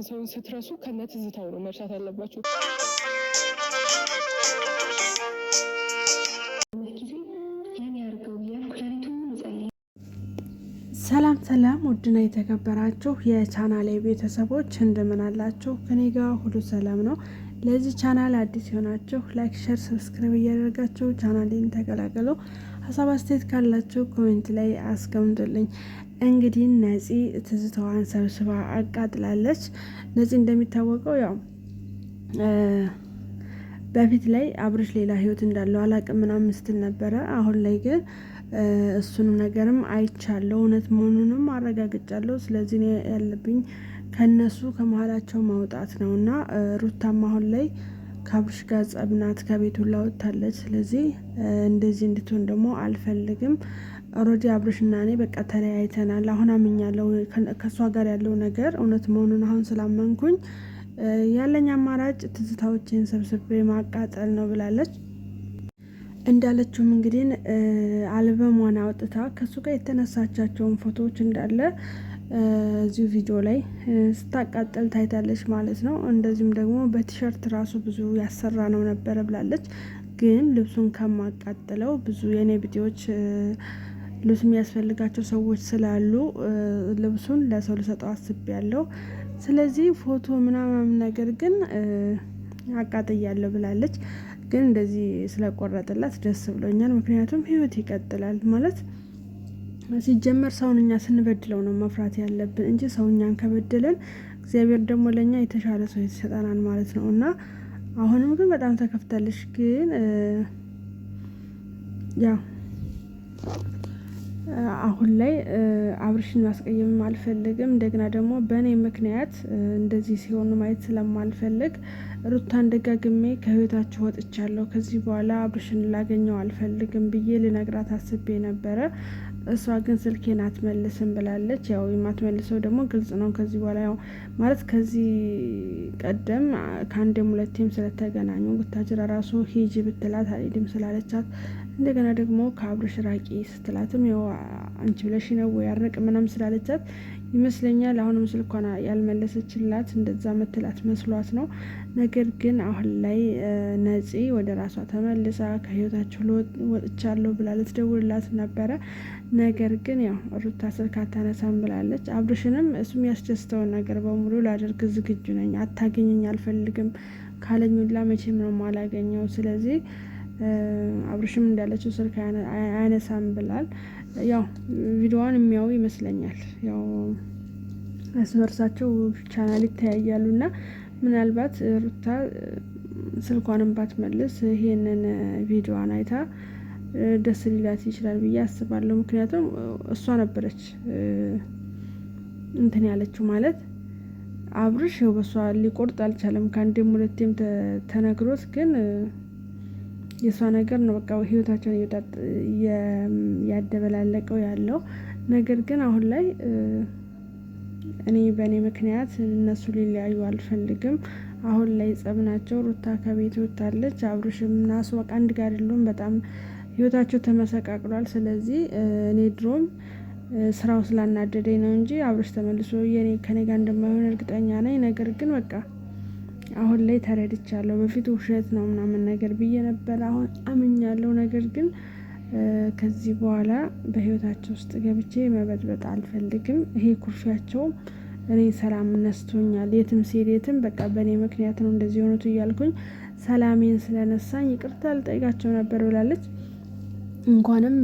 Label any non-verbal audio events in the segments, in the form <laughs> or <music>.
የሆነን ሰውን ስትረሱ ከነ ትዝታው ነው መርሳት ያለባቸው። ሰላም ሰላም፣ ውድና የተከበራችሁ የቻናሌ ቤተሰቦች እንደምን አላችሁ? ከኔ ጋር ሁሉ ሰላም ነው። ለዚህ ቻናል አዲስ የሆናችሁ ላይክ፣ ሸር፣ ሰብስክራይብ እያደረጋችሁ ቻናሌን ተቀላቀሉ። ሀሳብ አስተያየት ካላችሁ ኮሜንት ላይ አስቀምጡልኝ። እንግዲህ ነፂ ትዝታዋን ሰብስባ አቃጥላለች። ነፂ እንደሚታወቀው ያው በፊት ላይ አብርሽ ሌላ ህይወት እንዳለው አላቅም ምናምን ስትል ነበረ። አሁን ላይ ግን እሱን ነገርም አይቻለው እውነት መሆኑንም አረጋግጫለሁ። ስለዚህ ያለብኝ ከነሱ ከመሀላቸው ማውጣት ነው እና ሩታም አሁን ላይ ከአብርሽ ጋር ጸብናት ከቤቱ ላወጥታለች። ስለዚህ እንደዚህ እንድትሆን ደግሞ አልፈልግም። ኦልሬዲ አብርሽና እኔ በቃ ተለያይተናል። አሁን አምኛለሁ ከእሷ ጋር ያለው ነገር እውነት መሆኑን አሁን ስላመንኩኝ ያለኝ አማራጭ ትዝታዎችን ሰብስቤ ማቃጠል ነው ብላለች። እንዳለችውም እንግዲህ አልበሟን አውጥታ ከእሱ ጋር የተነሳቻቸውን ፎቶዎች እንዳለ እዚሁ ቪዲዮ ላይ ስታቃጠል ታይታለች ማለት ነው። እንደዚሁም ደግሞ በቲሸርት ራሱ ብዙ ያሰራ ነው ነበረ ብላለች። ግን ልብሱን ከማቃጥለው ብዙ የኔ ብጤዎች ልብስ የሚያስፈልጋቸው ሰዎች ስላሉ ልብሱን ለሰው ልሰጠው ያለው ስለዚህ ፎቶ ምናምን ነገር ግን አቃጥያለሁ ብላለች። ግን እንደዚህ ስለቆረጥላት ደስ ብሎኛል። ምክንያቱም ህይወት ይቀጥላል ማለት ሲጀመር ሰውን እኛ ስንበድለው ነው መፍራት ያለብን እንጂ ሰው እኛን ከበደለን እግዚአብሔር ደግሞ ለእኛ የተሻለ ሰው ይሰጠናል ማለት ነው። እና አሁንም ግን በጣም ተከፍታለች ግን ያው አሁን ላይ አብርሽን ማስቀየምም አልፈልግም። እንደገና ደግሞ በእኔ ምክንያት እንደዚህ ሲሆኑ ማየት ስለማልፈልግ ሩታን ደጋግሜ ከህይወታችሁ ወጥቻለሁ፣ ከዚህ በኋላ አብርሽን ላገኘው አልፈልግም ብዬ ልነግራት አስቤ ነበረ። እሷ ግን ስልኬን አትመልስም ብላለች። ያው የማትመልሰው ደግሞ ግልጽ ነው። ከዚህ በኋላ ያው ማለት ከዚህ ቀደም ከአንዴም ሁለቴም ስለተገናኙ ብታጅራ ራሱ ሂጂ ብትላት አልሄድም ስላለቻት እንደገና ደግሞ ከአብርሽ ራቂ ስትላትም ያው አንቺ ብለሽ ነው ያርቅ ምናም ስላለቻት ይመስለኛል አሁንም ስልኳን ያልመለሰችላት እንደዛ መትላት መስሏት ነው። ነገር ግን አሁን ላይ ነፂ ወደ ራሷ ተመልሳ ከህይወታቸው ወጥቻለሁ ብላ ልትደውልላት ነበረ። ነገር ግን ያው ሩታ ስልክ አታነሳም ብላለች። አብርሽንም እሱ ያስደስተውን ነገር በሙሉ ላደርግ ዝግጁ ነኝ፣ አታገኘኝ አልፈልግም ካለኙላ መቼም ነው ማላገኘው። ስለዚህ አብርሽም እንዳለችው ስልክ አያነሳም ብላል። ያው ቪዲዮዋን የሚያው ይመስለኛል። ያው እርስ በርሳቸው ቻናል ይተያያሉ እና ምናልባት ሩታ ስልኳንም ባትመልስ ይሄንን ቪዲዮዋን አይታ ደስ ሊላት ይችላል ብዬ አስባለሁ። ምክንያቱም እሷ ነበረች እንትን ያለችው ማለት አብርሽ በእሷ ሊቆርጥ አልቻለም። ከአንዴም ሁለቴም ተነግሮት ግን የእሷ ነገር ነው በቃ ህይወታቸውን ያደበላለቀው ያለው ነገር ግን አሁን ላይ እኔ በእኔ ምክንያት እነሱ ሊለያዩ አልፈልግም። አሁን ላይ ጸብ ናቸው። ሩታ ከቤት ወታለች። አብሮሽ ናሱ በቃ አንድ ጋር የሉም። በጣም ህይወታቸው ተመሰቃቅሏል። ስለዚህ እኔ ድሮም ስራው ስላናደደኝ ነው እንጂ አብሮሽ ተመልሶ የኔ ከኔ ጋር እንደማይሆን እርግጠኛ ነኝ። ነገር ግን በቃ አሁን ላይ ተረድቻለሁ። በፊት ውሸት ነው ምናምን ነገር ብዬ ነበረ። አሁን አምኛለሁ። ነገር ግን ከዚህ በኋላ በህይወታቸው ውስጥ ገብቼ መበጥበጥ አልፈልግም። ይሄ ኩርፊያቸውም እኔ ሰላም ነስቶኛል። የትም ሲሄድ የትም በቃ በእኔ ምክንያት ነው እንደዚህ የሆኑት እያልኩኝ ሰላሜን ስለነሳኝ ይቅርታ ልጠይቃቸው ነበር ብላለች። እንኳንም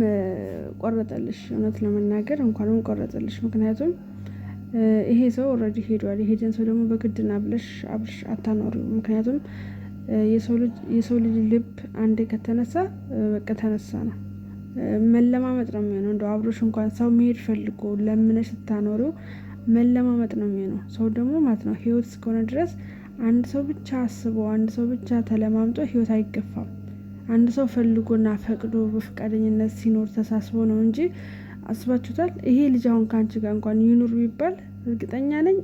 ቆረጠልሽ፣ እውነት ለመናገር እንኳንም ቆረጠልሽ። ምክንያቱም ይሄ ሰው ኦልሬዲ ሄዷል። የሄደን ሰው ደግሞ በግድና ብለሽ አብርሽ አታኖሪ። ምክንያቱም የሰው ልጅ ልብ አንዴ ከተነሳ በቃ ተነሳ ነው፣ መለማመጥ ነው የሚሆነው። እንደ አብሮሽ እንኳን ሰው መሄድ ፈልጎ ለምነሽ ስታኖሪው መለማመጥ ነው የሚሆነው። ሰው ደግሞ ማለት ነው ህይወት እስከሆነ ድረስ አንድ ሰው ብቻ አስቦ አንድ ሰው ብቻ ተለማምጦ ህይወት አይገፋም። አንድ ሰው ፈልጎና ፈቅዶ በፈቃደኝነት ሲኖር ተሳስቦ ነው እንጂ አስባችሁታል? ይሄ ልጅ አሁን ከአንቺ ጋር እንኳን ይኑር ቢባል እርግጠኛ ነኝ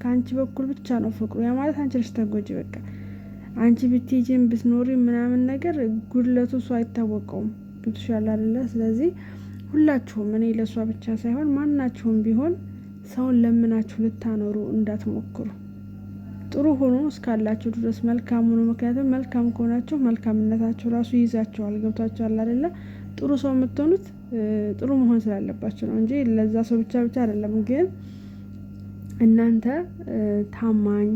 ከአንቺ በኩል ብቻ ነው ፍቅሩ። ያ ማለት አንቺ ነሽ ተጎጂ። በቃ አንቺ ብትሄጂም ብትኖሪ ምናምን ነገር ጉድለቱ እሱ አይታወቀውም። ገብቶሻል አይደለ? ስለዚህ ሁላችሁም እኔ ለእሷ ብቻ ሳይሆን ማናችሁም ቢሆን ሰውን ለምናችሁ ልታኖሩ እንዳትሞክሩ። ጥሩ ሆኖ እስካላችሁ ድረስ መልካም ሆኖ፣ ምክንያቱም መልካም ከሆናችሁ መልካምነታችሁ ራሱ ይይዛችኋል። ገብቷችኋል አይደለ? ጥሩ ሰው የምትሆኑት ጥሩ መሆን ስላለባቸው ነው እንጂ ለዛ ሰው ብቻ ብቻ አይደለም። ግን እናንተ ታማኝ፣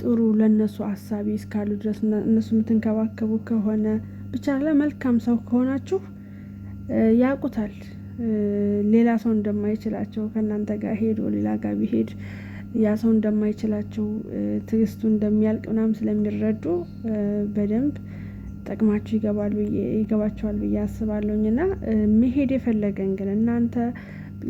ጥሩ ለእነሱ አሳቢ እስካሉ ድረስ እነሱ የምትንከባከቡ ከሆነ ብቻ መልካም ሰው ከሆናችሁ ያውቁታል ሌላ ሰው እንደማይችላቸው ከእናንተ ጋር ሄዶ ሌላ ጋር ቢሄድ ያ ሰው እንደማይችላቸው ትዕግስቱ እንደሚያልቅ ምናምን ስለሚረዱ በደንብ ጠቅማችሁ ይገባሉ ይገባቸዋል ብዬ አስባለሁኝ። እና መሄድ የፈለገን ግን እናንተ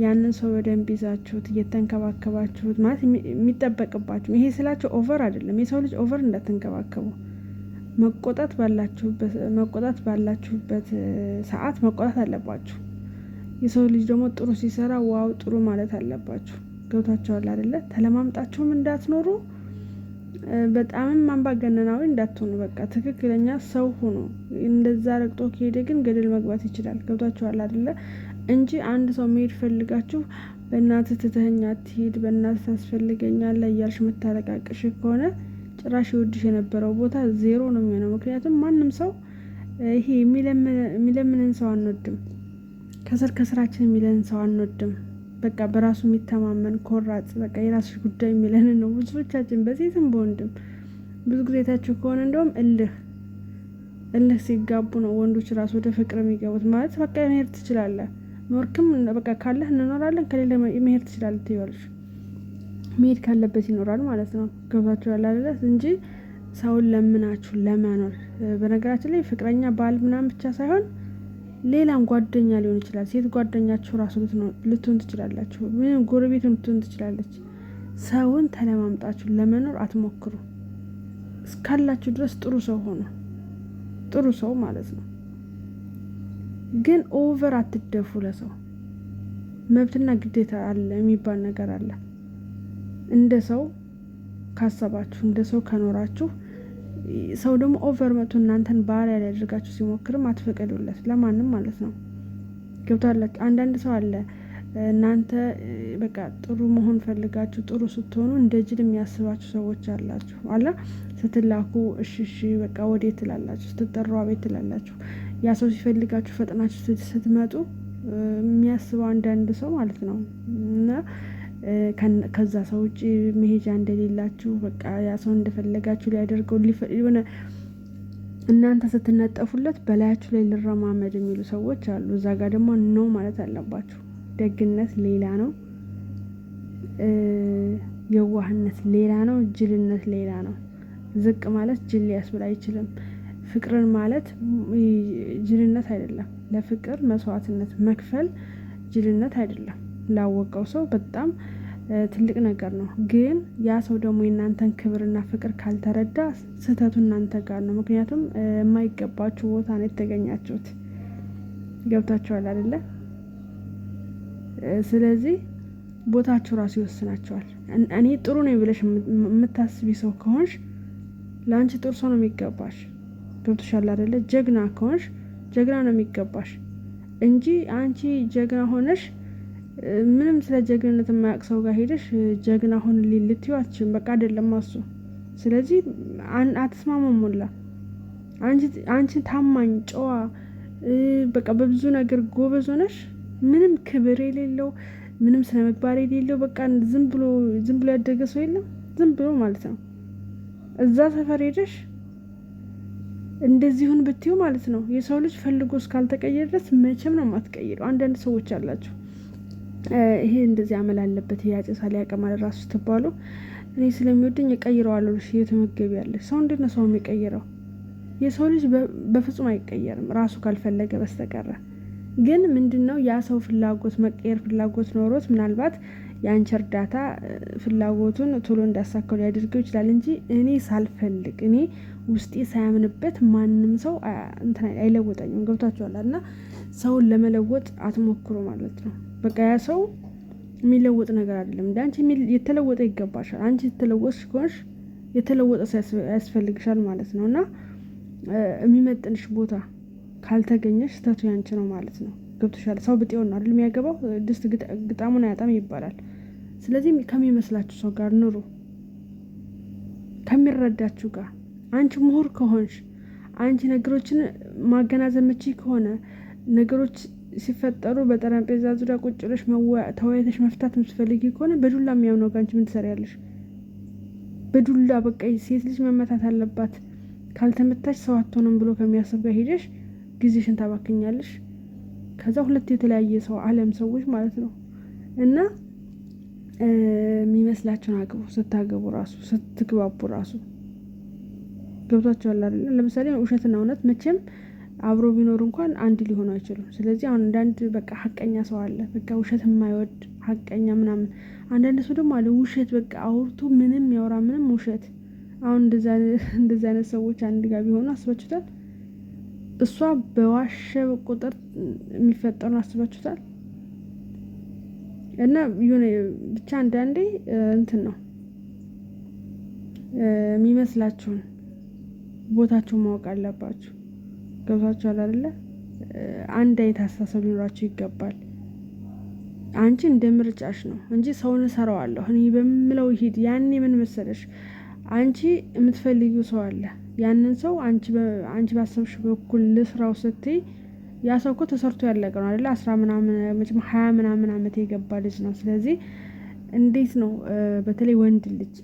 ያንን ሰው በደንብ ይዛችሁት እየተንከባከባችሁት ማለት የሚጠበቅባችሁ ይሄ ስላቸው ኦቨር አይደለም። የሰው ልጅ ኦቨር እንዳትንከባከቡ መቆጣት ባላችሁበት መቆጣት ባላችሁበት ሰዓት መቆጣት አለባችሁ። የሰው ልጅ ደግሞ ጥሩ ሲሰራ ዋው ጥሩ ማለት አለባችሁ። ገብታችኋል አይደለ? ተለማምጣችሁም እንዳትኖሩ በጣምም አምባገነናዊ እንዳትሆኑ። በቃ ትክክለኛ ሰው ሁኑ። እንደዛ ረግጦ ከሄደ ግን ገደል መግባት ይችላል። ገብቷችኋል አይደለ? እንጂ አንድ ሰው መሄድ ፈልጋችሁ በእናትህ ትተኸኝ አትሄድ፣ በእናትህ ታስፈልገኛለህ እያልሽ የምታለቃቅሽ ከሆነ ጭራሽ ይወድሽ የነበረው ቦታ ዜሮ ነው የሚሆነው። ምክንያቱም ማንም ሰው ይሄ የሚለምንን ሰው አንወድም። ከስር ከስራችን የሚለን ሰው አንወድም። በቃ በራሱ የሚተማመን ኮራጽ፣ በቃ የራስሽ ጉዳይ የሚለን ነው ብዙዎቻችን። በሴትም በወንድም ብዙ ጊዜ ታችሁ ከሆነ እንደውም እልህ እልህ ሲጋቡ ነው ወንዶች ራሱ ወደ ፍቅር የሚገቡት። ማለት በቃ መሄድ ትችላለህ፣ ኖርክም በቃ ካለህ እንኖራለን፣ ከሌለ መሄድ ትችላለህ ትይዋለች። መሄድ ካለበት ይኖራል ማለት ነው። ገብታችሁ ያላለለት እንጂ ሰውን ለምናችሁ ለመኖር በነገራችን ላይ ፍቅረኛ ባል ምናምን ብቻ ሳይሆን ሌላም ጓደኛ ሊሆን ይችላል። ሴት ጓደኛችሁ ራሱ ልትሆን ትችላላችሁ። ምንም ጎረቤት ልትሆን ትችላለች። ሰውን ተለማምጣችሁ ለመኖር አትሞክሩ። እስካላችሁ ድረስ ጥሩ ሰው ሆኖ ጥሩ ሰው ማለት ነው። ግን ኦቨር አትደፉ። ለሰው መብትና ግዴታ አለ የሚባል ነገር አለ። እንደ ሰው ካሰባችሁ፣ እንደ ሰው ከኖራችሁ ሰው ደግሞ ኦቨር መቶ እናንተን ባሪያ ሊያደርጋችሁ ሲሞክርም አትፈቀዱለት፣ ለማንም ማለት ነው። ገብቷላችሁ? አንዳንድ ሰው አለ እናንተ በቃ ጥሩ መሆን ፈልጋችሁ ጥሩ ስትሆኑ እንደ ጅል የሚያስባችሁ ሰዎች አላችሁ። አለ ስትላኩ እሽሽ በቃ ወዴት ትላላችሁ፣ ስትጠሩ አቤት ትላላችሁ። ያ ሰው ሲፈልጋችሁ ፈጥናችሁ ስትመጡ የሚያስበው አንዳንድ ሰው ማለት ነው እና ከዛ ሰው ውጭ መሄጃ እንደሌላችሁ በቃ ያ ሰው እንደፈለጋችሁ ሊያደርገው ሆነ እናንተ ስትነጠፉለት በላያችሁ ላይ ልረማመድ የሚሉ ሰዎች አሉ። እዛ ጋር ደግሞ ነው ማለት አለባችሁ። ደግነት ሌላ ነው፣ የዋህነት ሌላ ነው፣ ጅልነት ሌላ ነው። ዝቅ ማለት ጅል ሊያስብል አይችልም። ፍቅርን ማለት ጅልነት አይደለም። ለፍቅር መስዋዕትነት መክፈል ጅልነት አይደለም። ላወቀው ሰው በጣም ትልቅ ነገር ነው። ግን ያ ሰው ደግሞ የእናንተን ክብርና ፍቅር ካልተረዳ ስህተቱ እናንተ ጋር ነው። ምክንያቱም የማይገባችሁ ቦታ ነው የተገኛችሁት። ገብታችኋል አይደለ? ስለዚህ ቦታችሁ ራሱ ይወስናቸዋል። እኔ ጥሩ ነው ብለሽ የምታስቢ ሰው ከሆንሽ ለአንቺ ጥሩ ሰው ነው የሚገባሽ። ገብቶሻል አይደለ? ጀግና ከሆንሽ ጀግና ነው የሚገባሽ እንጂ አንቺ ጀግና ሆነሽ ምንም ስለ ጀግንነት የማያውቅ ሰው ጋር ሄደሽ ጀግና ሁን ልትዋችን በቃ አይደለም እሱ። ስለዚህ አትስማማም ሞላ። አንቺ ታማኝ፣ ጨዋ በቃ በብዙ ነገር ጎበዝ ሆነሽ ምንም ክብር የሌለው ምንም ስነ ምግባር የሌለው በቃ ዝም ብሎ ዝም ብሎ ያደገ ሰው የለም ዝም ብሎ ማለት ነው። እዛ ሰፈር ሄደሽ እንደዚሁን ብትዩ ማለት ነው የሰው ልጅ ፈልጎ እስካልተቀየረ ድረስ መቼም ነው የማትቀይረው። አንዳንድ ሰዎች አላቸው ይሄ እንደዚህ አመል አለበት ያጨሳል፣ ያቀማል ራሱ ስትባሉ እኔ ስለሚወደኝ እቀይረዋለሁ ብለሽ እየተመገቢ ያለሽ ሰው እንዴት ነው ሰው የሚቀይረው? የሰው ልጅ በፍጹም አይቀየርም ራሱ ካልፈለገ በስተቀረ። ግን ምንድን ነው ያ ሰው ፍላጎት መቀየር ፍላጎት ኖሮት ምናልባት የአንቺ እርዳታ ፍላጎቱን ቶሎ እንዳሳከሉ ያደርገው ይችላል እንጂ እኔ ሳልፈልግ እኔ ውስጤ ሳያምንበት ማንም ሰው እንትን አይለውጠኝም። እና ሰውን ለመለወጥ አትሞክሩ ማለት ነው። በቃ ያ ሰው የሚለወጥ ነገር አይደለም። እንደ አንቺ የተለወጠ ይገባሻል። አንቺ የተለወጥሽ ከሆንሽ የተለወጠ ሰው ያስፈልግሻል ማለት ነው። እና የሚመጥንሽ ቦታ ካልተገኘሽ ስህተቱ ያንቺ ነው ማለት ነው። ገብቶሻል። ሰው ብጤውን ነው አይደል የሚያገባው? ድስት ግጣሙን አያጣም ይባላል። ስለዚህ ከሚመስላችሁ ሰው ጋር ኑሩ፣ ከሚረዳችሁ ጋር። አንቺ ምሁር ከሆንሽ አንቺ ነገሮችን ማገናዘብ ምቺ ከሆነ ነገሮች ሲፈጠሩ በጠረጴዛ ዙሪያ ቁጭ ብለሽ ተወያይተሽ መፍታት የምትፈልጊ ከሆነ በዱላ የሚያምነው ጋር ምን ትሰሪያለሽ? በዱላ በቃ ሴት ልጅ መመታት አለባት ካልተመታች ሰው አትሆንም ብሎ ከሚያስብ ጋር ሄደሽ ጊዜሽን ታባክኛለሽ። ከዛ ሁለት የተለያየ ሰው አለም ሰዎች ማለት ነው እና የሚመስላቸውን አግቡ። ስታገቡ ራሱ ስትግባቡ ራሱ ገብቷቸዋል አይደለም? ለምሳሌ ውሸትና እውነት መቼም አብሮ ቢኖር እንኳን አንድ ሊሆኑ አይችሉም። ስለዚህ አሁን አንዳንድ በቃ ሀቀኛ ሰው አለ በቃ ውሸት የማይወድ ሀቀኛ ምናምን። አንዳንድ ሰው ደግሞ አለ ውሸት በቃ አውርቶ ምንም ያወራ ምንም ውሸት። አሁን <laughs> እንደዚ አይነት ሰዎች አንድ ጋር ቢሆኑ አስባችሁታል? እሷ በዋሸ ቁጥር የሚፈጠሩን አስባችሁታል? እና የሆነ ብቻ አንዳንዴ እንትን ነው የሚመስላችሁን ቦታችሁን ማወቅ አለባችሁ። ገብቷችኋል አይደለ? አንድ አይነት አስተሳሰብ ሊኖራቸው ይገባል። አንቺ እንደ ምርጫሽ ነው እንጂ ሰውን እሰራዋለሁ እኔ በምለው ይሄድ። ያኔ ምን መሰለሽ አንቺ የምትፈልጊው ሰው አለ። ያንን ሰው አንቺ ባሰብሽ በኩል ልስራው ስትይ ያ ሰው እኮ ተሰርቶ ያለቀ ነው አይደለ? አስራ ምናምን መቼም ሀያ ምናምን ዓመት የገባ ልጅ ነው። ስለዚህ እንዴት ነው በተለይ ወንድ ልጅ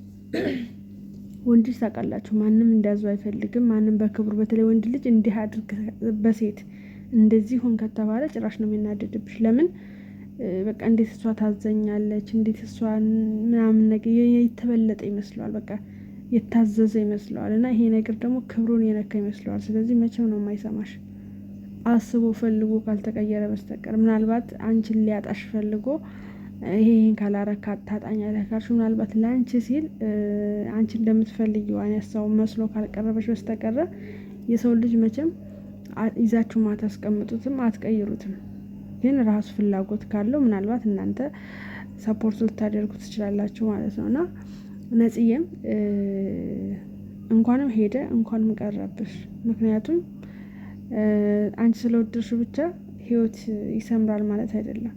ወንድ ልጅ ታውቃላችሁ፣ ማንም እንዳዙ አይፈልግም። ማንም በክብሩ በተለይ ወንድ ልጅ እንዲህ አድርግ በሴት እንደዚህ ሆን ከተባለ ጭራሽ ነው የሚናደድብሽ። ለምን በቃ እንዴት እሷ ታዘኛለች፣ እንዴት እሷ ምናምን ነገር የተበለጠ ይመስለዋል፣ በቃ የታዘዘ ይመስለዋል። እና ይሄ ነገር ደግሞ ክብሩን የነካ ይመስለዋል። ስለዚህ መቼም ነው የማይሰማሽ አስቦ ፈልጎ ካልተቀየረ በስተቀር ምናልባት አንቺን ሊያጣሽ ፈልጎ ይህን ካላረካ አታጣኝ ያለካሽ ምናልባት ለአንቺ ሲል አንቺ እንደምትፈልጊው አይነት ሰው መስሎ ካልቀረበች በስተቀረ የሰው ልጅ መቼም ይዛችሁም አታስቀምጡትም፣ አትቀይሩትም። ግን ራሱ ፍላጎት ካለው ምናልባት እናንተ ሰፖርት ልታደርጉ ትችላላችሁ ማለት ነው እና ነጽዬም እንኳንም ሄደ እንኳንም ቀረብሽ። ምክንያቱም አንቺ ስለወደድሽ ብቻ ህይወት ይሰምራል ማለት አይደለም።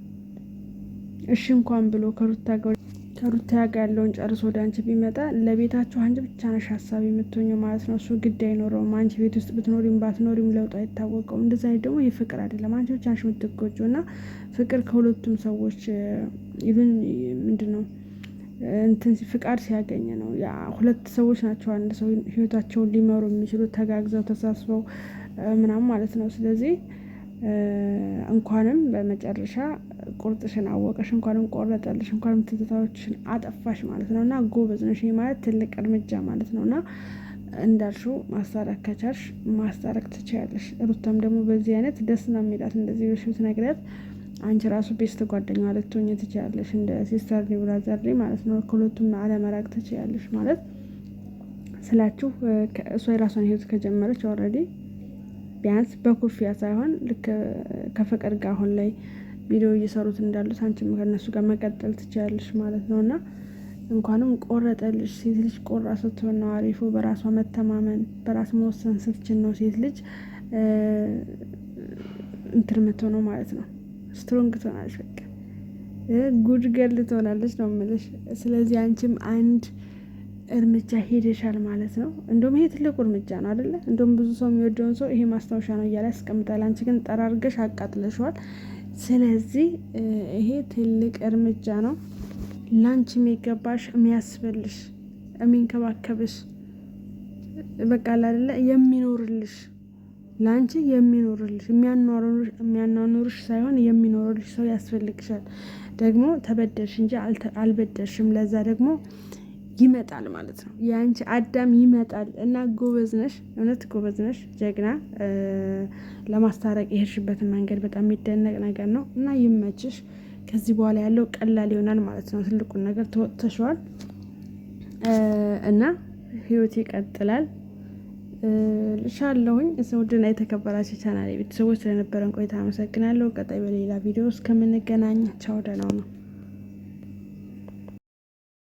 እሺ እንኳን ብሎ ከሩታ ጋር ከሩታ ጋር ያለውን ጨርሶ ወደ አንቺ ቢመጣ ለቤታችሁ አንቺ ብቻ ነሽ ሀሳብ የምትኘው ማለት ነው። እሱ ግድ አይኖረውም። አንቺ ቤት ውስጥ ብትኖሪም ባትኖሪም ለውጥ አይታወቀውም። አይነት ደግሞ ይህ ፍቅር አይደለም። አንቺ ብቻ ነሽ የምትጎጂው እና ፍቅር ከሁለቱም ሰዎች ይሉን ምንድን ነው እንትን ፍቃድ ሲያገኝ ነው። ሁለት ሰዎች ናቸው አንድ ሰው ህይወታቸውን ሊመሩ የሚችሉ ተጋግዘው ተሳስበው ምናምን ማለት ነው። ስለዚህ እንኳንም በመጨረሻ ቁርጥሽን አወቀሽ እንኳንም ቆረጠልሽ እንኳንም ትዝታዎችሽን አጠፋሽ ማለት ነው እና ጎበዝ ነሽ ማለት ትልቅ እርምጃ ማለት ነው እና እንዳልሽው ማስታረቅ ከቻልሽ ማስታረቅ ትችያለሽ። ሩታም ደግሞ በዚህ አይነት ደስ ነው የሚላት እንደዚህ በሽብት ነግሪያት አንቺ ራሱ ቤስት ጓደኛ ልትሆኚ ትችያለሽ። እንደ ሲስተር ሊብላ ዘሪ ማለት ነው። ከሁለቱም አለመራቅ ትችያለሽ ማለት ስላችሁ እሷ የራሷን ህይወት ከጀመረች ኦልሬዲ ቢያንስ በኩፍያ ሳይሆን ልክ ከፍቅር ጋር አሁን ላይ ቪዲዮ እየሰሩት እንዳሉት አንቺም ከነሱ ጋር መቀጠል ትችላለሽ ማለት ነው እና እንኳንም ቆረጠልሽ። ሴት ልጅ ቆራ ስትሆን ነው አሪፉ። በራሷ መተማመን በራስ መወሰን ስትችል ነው ሴት ልጅ እንትን ነው ማለት ነው። ስትሮንግ ትሆናለች፣ በቃ ጉድ ገል ትሆናለች ነው ምልሽ። ስለዚህ አንቺም አንድ እርምጃ ሄደሻል ማለት ነው። እንደውም ይሄ ትልቁ እርምጃ ነው አደለ? እንደውም ብዙ ሰው የሚወደውን ሰው ይሄ ማስታወሻ ነው እያለ ያስቀምጣል። አንቺ ግን ጠራርገሽ አቃጥለሸዋል። ስለዚህ ይሄ ትልቅ እርምጃ ነው። ላንቺ የሚገባሽ የሚያስብልሽ፣ የሚንከባከብሽ በቃ ላለ የሚኖርልሽ ለአንቺ የሚኖርልሽ የሚያኗኑርሽ ሳይሆን የሚኖርልሽ ሰው ያስፈልግሻል። ደግሞ ተበደርሽ እንጂ አልበደርሽም። ለዛ ደግሞ ይመጣል ማለት ነው። የአንቺ አዳም ይመጣል እና ጎበዝነሽ፣ እውነት ጎበዝነሽ፣ ጀግና። ለማስታረቅ የሄድሽበትን መንገድ በጣም የሚደነቅ ነገር ነው እና ይመችሽ። ከዚህ በኋላ ያለው ቀላል ይሆናል ማለት ነው። ትልቁን ነገር ተወጥተሸዋል እና ህይወት ይቀጥላል። ልሻለሁኝ ውድና የተከበራቸው ቻናል ቤተሰቦች ስለነበረን ቆይታ አመሰግናለሁ። ቀጣይ በሌላ ቪዲዮ እስከምንገናኝ ቻው፣ ደህና ነው።